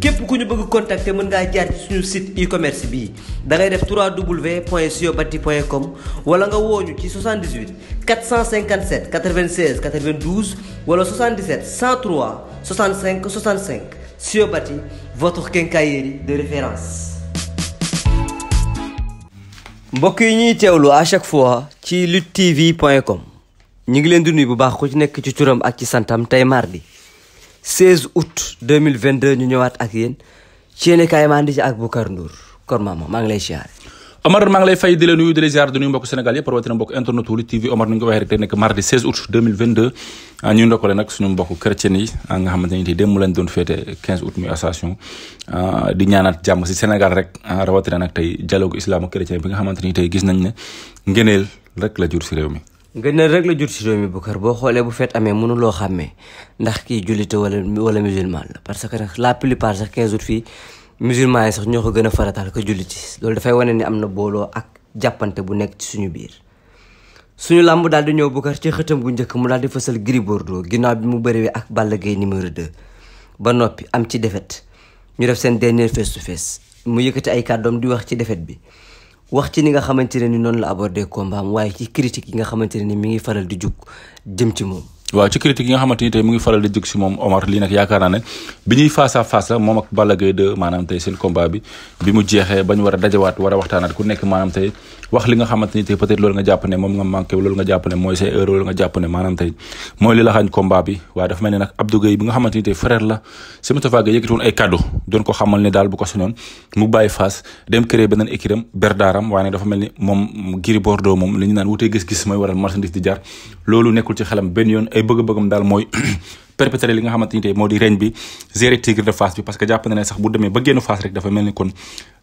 képp ku ñu bëgg contacter mën ngaa jaar ci suñu site e-commerce bii da ngay def 3w point siobati point com wala nga wooñu ci 78 457 96 92 wala 77 103 65 65 siobati votre quincaillerie de référence. mbokk yi ñuy teewlu à chaque fois ci luttetv point com ñu ngi leen di nuyu bu baax ku ci nekk ci turam ak ci santam tey mardi. 16 août 2022 ñu ñëwaat ak yéen ci yéen kaay maa andi ak Boucar Ndour kon maama maa ngi lay siyaare Omar maa ngi lay fay di la nuyu di la ziar di nuyu mbokk Sénégal yëpp rawatina mbokk internet wu Lutte TV Omar ni ñu ko waxee rek tey nekk mardi 16 août 2022 ah, ñuy ndokkale nag suñu mbokk ah, lañ doon féete 15 août muy association ah, di ñaanaat jàmm si Sénégal rek rawatina nag tey dialogue islamo chrétien bi nga xamante ni tey gis nañ ne ngëneel rek la jur si réew mi ngëneel rek la jur ci réew mi Boucar boo xoolee bu feet amee mënuloo xàmmee ndax kii jullite wala wala musulman la parce que nag la plupart sax 15 août fii musulman yi sax ñoo ko gën a farataal ko julliti loolu dafay wane ni am na booloo ak jàppante bu nekk ci suñu biir. suñu làmb daal di ñëw Boucar ci xëtam bu njëkk mu daal di fësal Gris doo ginnaaw bi mu bëriwee ak Balla Gaye numéro 2 ba noppi am ci défaite ñu def seen dernier face to face mu yëkkati ay kàddoom di wax ci défaite bi. wax ci ni nga xamante ne ni noonu la abordé combat am waaye ci critique yi nga xamante ne ni mi ngi faral di jug jëm ci moom waaw ci critique yi nga xamante ni tey mu ngi faral di jóg si moom Omar lii nag yaakaar naa ne bi ñuy face à la moom ak Balla Gaye 2 maanaam tey seen combat bi bi mu jeexee bañ war a dajawaat war a waxtaanaat ku nekk maanaam tey wax li nga xamante ni tey peut-être loolu nga jàpp ne moom nga manqué loolu nga jàpp ne mooy nga jàpp ne maanaam tey mooy li la xañ combat bi waaye dafa mel ne nag Abdou bi nga xamante ni tey la si Moustapha Gueye yëkkati woon ay cadeau doon ko xamal ne daal bu ko soñoon mu bàyyi face dem créer beneen équiram berdaaram moom Gris Bordeaux moom naan wutee gis-gis mooy waral marchandise di ay bëgg-bëggam daal mooy perpétuer li nga xamante ni moo di règne bi gérer Tigre de bi parce que jàpp na ne sax bu demee ba génn Fass rek dafa mel ni kon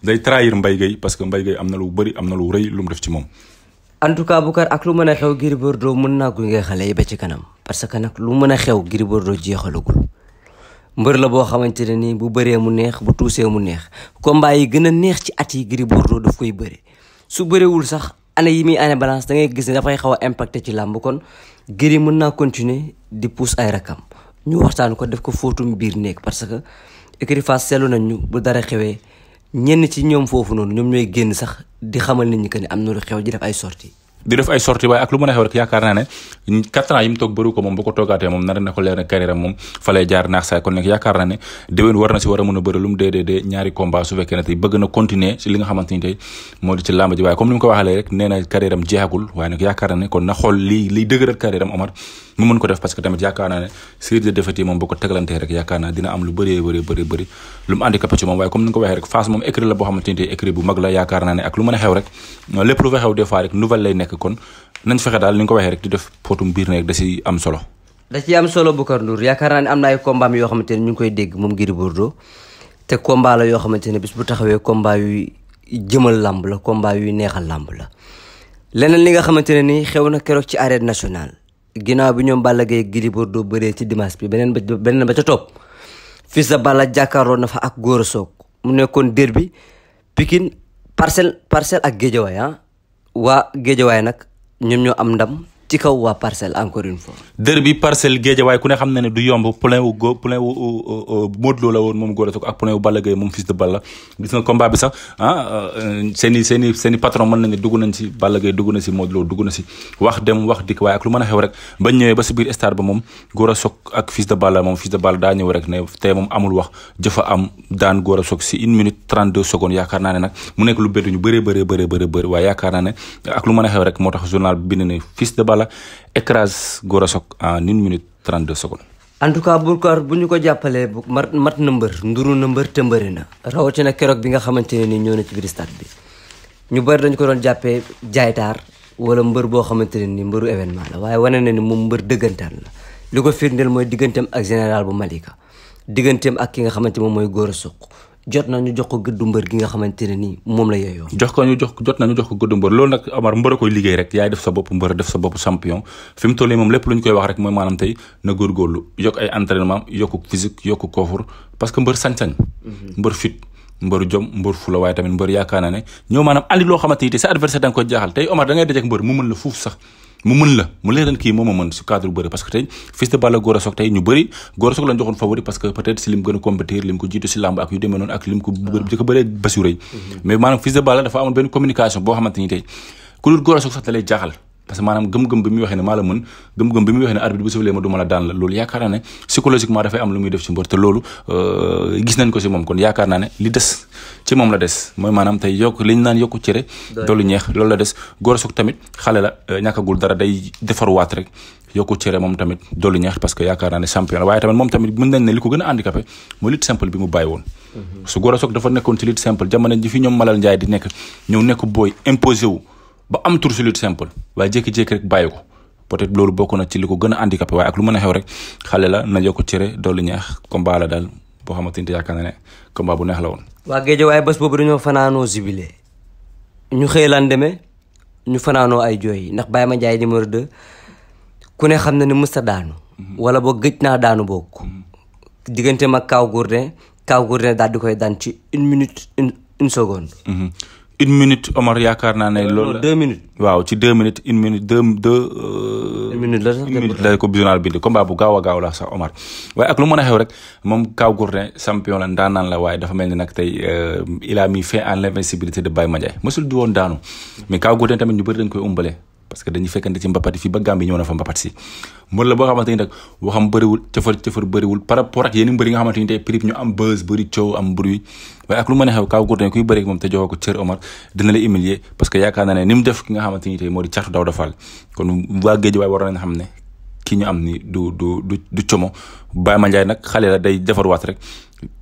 day trahir Mbaye Gueye parce que Mbaye Gueye am mu def ci moom en tout cas Boucar mën a xew Gris Bordeaux mën naa gunge xale yi ba ci kanam parce que nag lu mën a xew Gris Bordeaux jeexalagul mbër la boo xamante nii bu bëree mu neex bu tuusee mu neex combat yi gën a neex ci at yi Gris daf koy bëre su bërewul sax année yi mi année balance dangay ngay gis ne dafay xaw a ci làmb kon Gris mën naa continuer di pousse ay rakam ñu waxtaan ko def ko fóotum biir néeg parce que écurie Fass seetlu nañ ñu bu dara xewee ñenn ci ñoom foofu noonu ñoom ñooy génn sax di xamal nit ñi que ni am na lu xew ji def ay sorties di def ay sorties waaye ak lu mën a xew rek yaakaar naa ne quatre ans yi toog bëru ko moom bu ko toogaatee moom na a mën a rek na carrière lii liy dëgëral Omar mu mën ko def parce tamit yaakaar naa ne série de défaites yi ko tegalantee rek yaakaar naa ne ak lu mën a xew rek lépp lu fa xew des fois nouvelle lay nekk kon nañ fexe daal ni nga ko waxee rek di def potum biir nekk da si am solo. da ci am solo Boucar Ndour yaakaar naa ne am na ay combat yoo xamante ne ñu ngi koy dégg moom Gris Bordeaux te combat la yoo xamante ne bis bu taxawee combat yu jëmal làmb la combat yuy neexal làmb la. leneen li nga xamante ne ni xew na keroog ci arène nationale ginnaaw bi ñoom Balla Gaye Gris doo bëree ci dimanche bi beneen ba beneen ba ca topp Fils de Balla jàkkaarloo na fa ak Gora Sock mu nekkoon derby pikin Parcelles Parcelles ak Guédiawaye ah. waa Géejawaay nag ñoom am ndam ci kaw waa parcelle encore une fois. dër bi parcelle géej waaye ku ne xam na ne du yomb poulain wu go la woon moom góor ak poulain wu Balla Gaye moom fils de Balla gis nga combat bi sax ah euh, seen patron mën nañu ne dugg nañ si Balla Gaye na si Modou Lo dugg na si wax dem wax dikk waaye ak lu mën a xew rek bañ ñëwee ba si biir stade ba moom góor a soog ak fils de Balla moom fils de Balla daa ñëw rek ne tey moom amul wax jëfa am daan góor a soog si une minute trente deux secondes yaakaar naa ne nag mu nekk lu bettu ñu bëree bëree bëree bëri waaye a moo tax Kampala écrase Gora Sock en une minute 32 secondes. en tout cas Boubacar bu ñu ko jàppalee bu mat mat na mbër nduru na mbër te mbëri na rawatina keroog bi nga xamante ne ni ñëw na ci biir stade bi ñu bëri dañ ko doon jàppee jaaytaar wala mbër boo xamante ne ni mbëru événement la waaye wane na ni moom mbër dëggantaan la li ko firndeel mooy digganteem ak général bu Malika digganteem ak ki nga xamante moom mooy Gora Sock jot nañu jox ko gëddu mbër gi nga xamante ne nii moom la yeeyoo jox ko ñu jox jot nañu jox ko gëddu mbër loolu nag Amar mbër a koy liggéey rek yaay def sa bopp mbër def sa bopp champion fi mu moom lépp lu ñu koy wax rek mooy maanaam tey na góorgóorlu yokk ay entraînement yokku physique yokku koofur parce que mbër sañ-sañ mhm. mbër fit mbër jom mbër fula waaye tamit mbër yaakaar naa ñëw maanaam andi loo xamante te sa adversaire da nga mu mën la mu leer leen kii moom a mën su cadre bëri parce que tey Fils de Balla Gora tey ñu bëri Gora Sock lañ joxoon favori parce que peut si lim gën a lim ko jiitu si làmb ak yu demee noonu ak lim ko di ko mhm. mais maanaam Fils de dafa amoon benn communication boo xamante ni tey ku dul Gora Sock sax da lay jaaxal parce que maanaam gëm-gëm bi muy waxee ne maa la mën gëm-gëm bi muy waxee ne arbitre bu siflee ma du ma la daan la loolu yaakaar naa ne psychologiquement dafay am lu muy def ci mbër loolu euh, gis nañ ko si moom kon yaakaar naa ne li des ci moom la des mooy maanaam tey yokk li ñu naan yokku cere doolu ñeex loolu la des Gora Sock tamit xale la euh, ñàkkagul dara day defarwaat rek yokku cere moom tamit doolu ñeex parce que yaakaar naa ne champion la waaye tamit moom tamit mën nañ ne a handicapé mooy lutte simple bi mu bàyyi woon su mhm. Gora Sock dafa nekkoon ci lutte simple jamono nekk ñëw nekk booy wu ba am tour si lutte simple waaye jékki-jékki rek bàyyi ko peut-être loolu bokk na ci li ko gën a handicapé waaye ak lu mën a xew rek xale la na yokk cere dolli ñeex combat la daal boo xamante ni yaakaar na ne combat bu neex la woon. waa géej waaye bés boobu dañoo fanaanoo jubilé ñu xëy lan demee ñu fanaanoo ay jooy ndax Baye Mandiaye numéro 2 ku ne xam na ne mësta daanu. Mhm. wala boog gëj naa daanu bokk. Mhm. diggante mag Kaaw Gourdin kaw Gourdin daal di koy daan ci une minute une seconde. Mhm. une minute Omar yaakaar na ne. Euh, loolu deux minutes. waaw ci deux minutes une minute deux deux. Euh, une minute la sax ko journal bindi combat bu gaaw a gaaw la sax Omar. waaye ak lu mën a xew rek moom Kaw Gourdin champion la ndaanaan la waaye dafa mel ne nag tey euh, il a mis fin à l'invincibilité de Baye Mandiaye mosul di woon daanu mais Kaw Gourdin tamit ñu bëri dañ koy umbale. parce que dañuy fekkante ci mbapat yi fii ba Gambie ñëw na fa mbapat si mbër la boo xamante ni nag waxam bëriwul cëfar cëfar bëriwul par rapport ak yeneen mbër nga xamante a te joxoo ko cër Omar ñu am ni du du du du como Baye Mandiaye nag xale la day defarwaat rek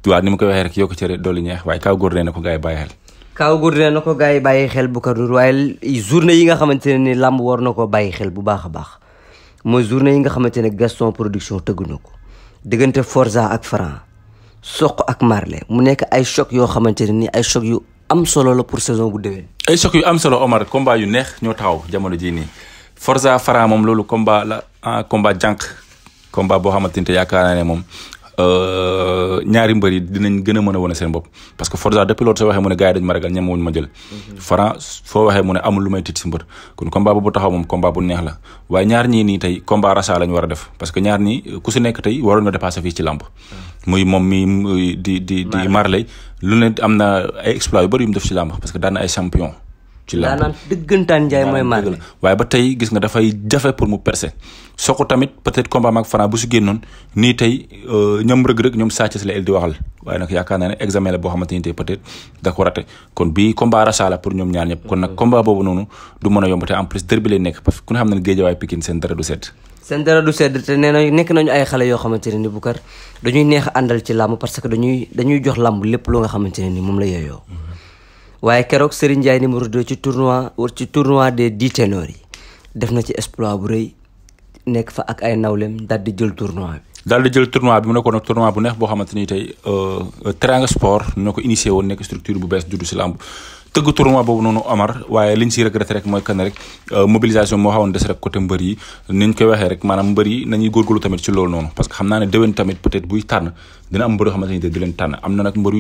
waaw ni ma koy waxee rek yokk cër dolli ñeex waaye Kaw Gourdin na ko gars yi xel Kaw Gourdin na ko gars yi bàyyi xel Boucar Ndour waaye journée yi nga xamante ne nii lamb war na ko bàyyi xel bu baax a baax mooy journée yi nga xamante ne Gaston production tëgg na ko diggante Forza ak Franc Sokh ak Marley mu nekk ay choc yoo xamante ne nii ay choc yu am solo la pour saison bu déwén. ay choc yu am solo Omar combat yu neex ñoo taxaw jamono jii nii Forza Franc moom loolu combat la ah combat jànq combat boo xamante ni yaakaar naa ne moom. Euh, ñaari mbër dinañ gën a a wane seen bopp parce que Forza depuis loolu soo waxee mu ne dañ ma ragal ñem wuñ foo waxee mu amul lu may tiit si mbër kon combat bu taxaw moom combat bu neex la waaye ñaar ñii nii tey combat rasa lañ def parce que ñaar ñii ku nekk tey waroon nga dépassé fii ci làmb mhm. muy moom mi di di di Marley lu ne am na exploit yu bëri def ci làmb parce que daan ay champion ci làmb daanaan dëggantaan Ndiaye mooy màgg la waaye ba tey gis nga dafay jafe pour mu percer Sokh tamit peut-être combat ak bu si génnoon nii tey euh, ñoom Reug Reug ñoom Sa Thiès la el di waxal waaye nag yaakaar naa ne examen la ni tey peut-être da ko raté kon bii combat rachat la pour ñoom ñaar ñëpp mm. boobu noonu du mën a en plus derby lay nekk parce que ku ne xam ne Guédiawaye Pikine seen dara du sedd seen dara du sedd te nekk nañu ay xale yoo xamante ne ni bu kar dañuy neex a àndal ci làmb parce que dañuy dañuy jox làmb lépp loo nga ne ni moom la yeeyoo mm-hmm. waaye keroog Serigne Ndiaye numéro 2 ci tournoi war ci tournoi des dix ténors yi def na ci exploit bu rëy nekk fa ak ay nawlem daal di jël tournoi bi. daal di jël tournoi bi mu nekkoon nag tournoi bu neex boo xamante ni tey euh, euh, Teranga Sport ñoo ko initié woon nekk structure bu bees juddu si làmb tëgg tournoi boobu noonu Omar waaye liñ si regretté rek mooy kan rek euh, mobilisation moo xawoon des xam naa ne déwén tamit peut-être buy tànn dina am na nag mbër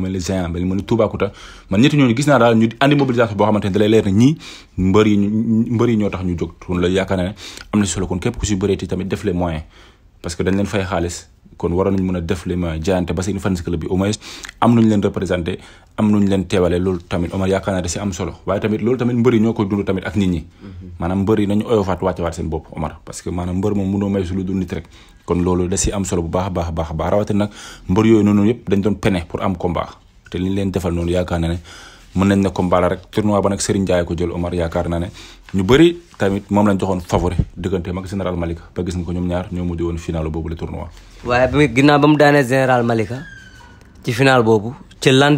yu man ñetti ñooñu gis naa daal ñu andi mobilisation boo xamante ni dalay leer ne ñii mbër ñoo tax ñu jóg kon la yaakaar na ne am na solo kon képp ku si bëreeti tamit def les moyens parce que dañ leen fay xaalis kon waroon nañ a def li ma jaayante ba seen fans club bi au moins leen représenté am nuñ leen teewale loolu tamit Omar yaakaar naa da si am solo waaye tamit loolu tamit mbëri ñoo koy dund tamit ak nit ñi mhm. maanaam mbëri nañu oyofaat wàcce waat seen bopp Omar parce que maanaam mbër moom mënoo may su lu dul nit rek kon loolu da si am solo bu baax baax baax baax rawate nag mbër yooyu noonu yëpp dañ doon pene pour am combat te liñ leen defal noonu yaakaar na mën nañ ne combat la rek tournoi ba nag Serigne Ndiaye ko jël Omar yaakaar naa ne ñu bëri tamit moom lañ joxoon favori diggante mag général Malika ba gis nga ko ñoom ñaar ñoo mujj woon final boobu le tournoi. waaye ba mu daanee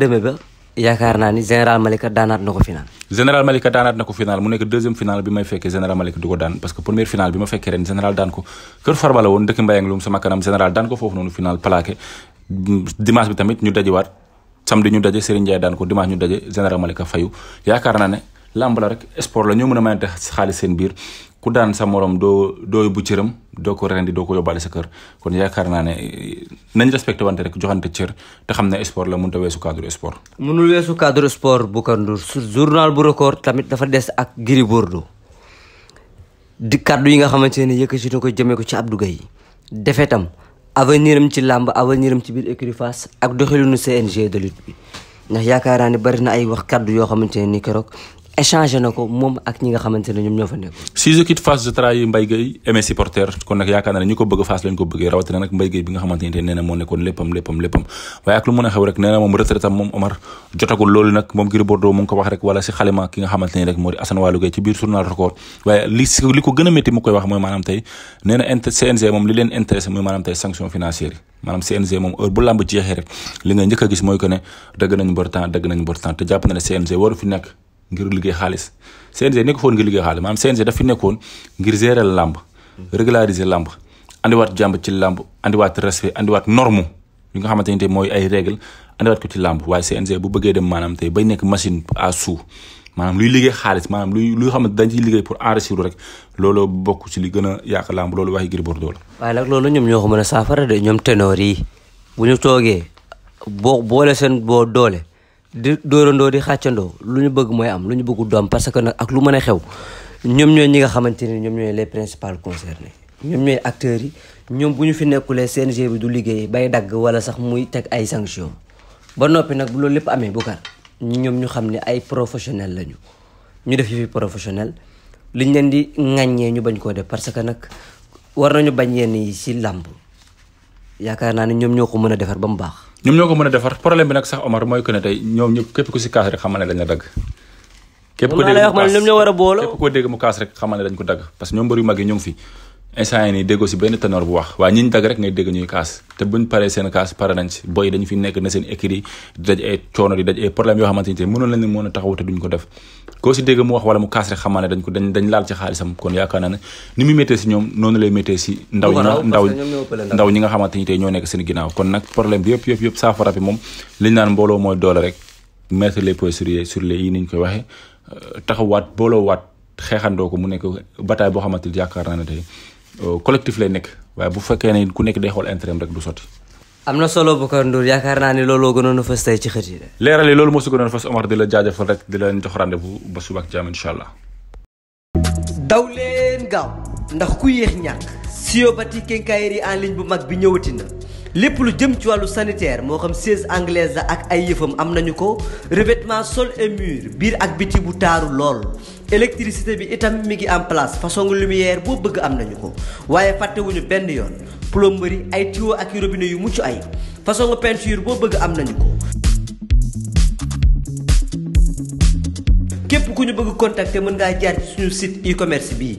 ba. yaakaar naa ni Malika daanaat na ko final. général Malika daanaat na ko final mu nekk deuxième final bi may fekkee général Malika du ko daan parce que première final bi ma fekkee ren général daan ko kër Farba tamit ñu dajewaat. samedi ñu daje Serigne Ndiaye daan ko dimanche ñu daje général a fayu yaakaar naa ne lamb la rek sport la ñoo mën a mayante xaalis seen biir ku daan sa morom doo doo bu cëram doo ko rendi doo ko yóbbaale sa kër kon yaakaar naa ne nañ respecté wante rek joxante cër te xam ne sport la mënut a weesu cadre sport. mënul weesu cadre sport Boucar Ndour journal bu record tamit dafa des ak Gris Bordeaux di kaddu yi nga xamante ne yëkkati na ko jëmee ko ci Abdou Gueye defetam avenir am ci làmb avenir am ci biir écurie Fass ak doxalinu CNG de lutte bi ndax yaakaar naa ni bari na ay wax kàddu yoo xamante ne ni keroog échangé na ko moom ak ñi nga xamante ne ñoom ñoo fa nekk. si je quitte Fass je trahis Mbaye Gueye aimé supporter kon nag yaakaar naa ne ñu ko bëgg Fass lañ ko bëggee rawatina nag Mbaye Gueye bi nga xamante ne nee na moo nekkoon léppam waaye ak lu mën a xew rek nee moom retraite moom ko wax rek wala si xalima ne rek moo di Assane Walu Gueye ci biir journal record waaye li si li ko gën a métti mu koy wax mooy maanaam tey nee na moom li leen intéressé mooy maanaam tey sanction financière yi maanaam CNG moom heure bu làmb jeexee rek li nga njëkk a gis mooy que ne dëgg nañu bor temps nañu bor te jàpp na ne ngir liggéey xaalis CNG nekk foon ngir liggéey xaalis maanaam CNG daf nekkoon ngir gérer làmb régulariser làmb andiwaat jàmb ci làmb andiwaat respect andiwaat norme yi nga xamante ni tey mooy ay règle andiwaat ko ci làmb waaye CNG bu bëggee dem maanaam tey bay nekk machine à sous maanaam luy liggéey xaalis maam luy xam xamante dañ ciy liggéey pour enrichir rek loolu bokk ci li gën a yàq làmb loolu waxi Gris Bordeaux la. waaye nag loolu ñoom ñoo ko mën a saafara de ñoom ténor yi bu ñu toogee boo boole seen boo doole. di dóorandoo di xàccandoo lu ñu bëgg mooy am lu ñu bëggu doom parce que nag ak lu mën a xew ñoom ñooy ñi nga xamante ni ñoom ñooy les principaux concernés ñoom ñooy yi ñoom bu ñu fi nekkulee CNG bi du liggéey bay dagg wala sax muy teg ay sanctions ba noppi nag bu loolu lépp amee bu kar ñoom ñu xam ne ay professionnel lañu ñu def fi professionnel liñ leen di ŋàññee ñu bañ koo def parce que nag war nañu bañ yenn yi ci làmp yaakaar naa ne ñoom ñoo ko mën a defar ba mu baax. ñoom ñoo ko mën a defar problème bi nag sax Omar mooy que ne tey ñoom ñëpp képp ku si kaas rek xamal ne dañ dagg. képp ko dégg mu kaas rek xamal ne dañ ko dagg parce que ñoom mbër yu mag ñoom fi instant yi nii déggoo si benn ténor bu wax waaye ñiñ dag rek ngay dégg ñuy kaas te buñ paree seen kaas pare nañ si boy dañu fi nekk na seen écrit di daj ay coono di daj ay problème yoo xamante ni te mënoon lañ mën ko def koo si dégg mu wax wala mu kaas rek xamaa ne dañ ko dañ dañ laal ci xaalisam kon yaakaar ndaw ñi nga ndaw ndaw ñi nga tey ñoo nekk seen ginnaaw kon nag problème bi yëpp yëpp yëpp saafara bi moom liñ naan mbooloo mooy doole rek mettre les points sur les sur les koy waxee euh, taxawaat booloo waat xeexandoo ko mu nekk bataay boo xamante ni yaakaar naa ne tey Euh, collectif lay nekk waaye bu fekkee ne ku nekk day xool intérêt rek du sotti. am na solo Boucar Ndour yaakaar naa ne looloo gënoon a fës tey ci xët yi de. leeral yi loolu moo si gënoon a fës Omar di la jaajëfal rek di leen jox rendez ba suba ak jàmm incha allah. daw leen gaaw ndax ku yéex ñàkk. Siobati quincaillerie en ligne bu mag bi ñëwati na. lépp lu jëm ci wàllu sanitaire moo xam siège anglaise ak ay yëfam am nañu ko revêtement sol et biir ak biti bu taaru lool électricité bi itam mi ngi en place façon lumière boo bëgg am nañu ko waaye fàttewuñu benn yoon plomberie ay tuyaux ak robinet yu mucc ay façon peinture boo bëgg am nañu ko képp ku ñu bëgg contacter mën ngaa jaar ci suñu sit e-commerce bii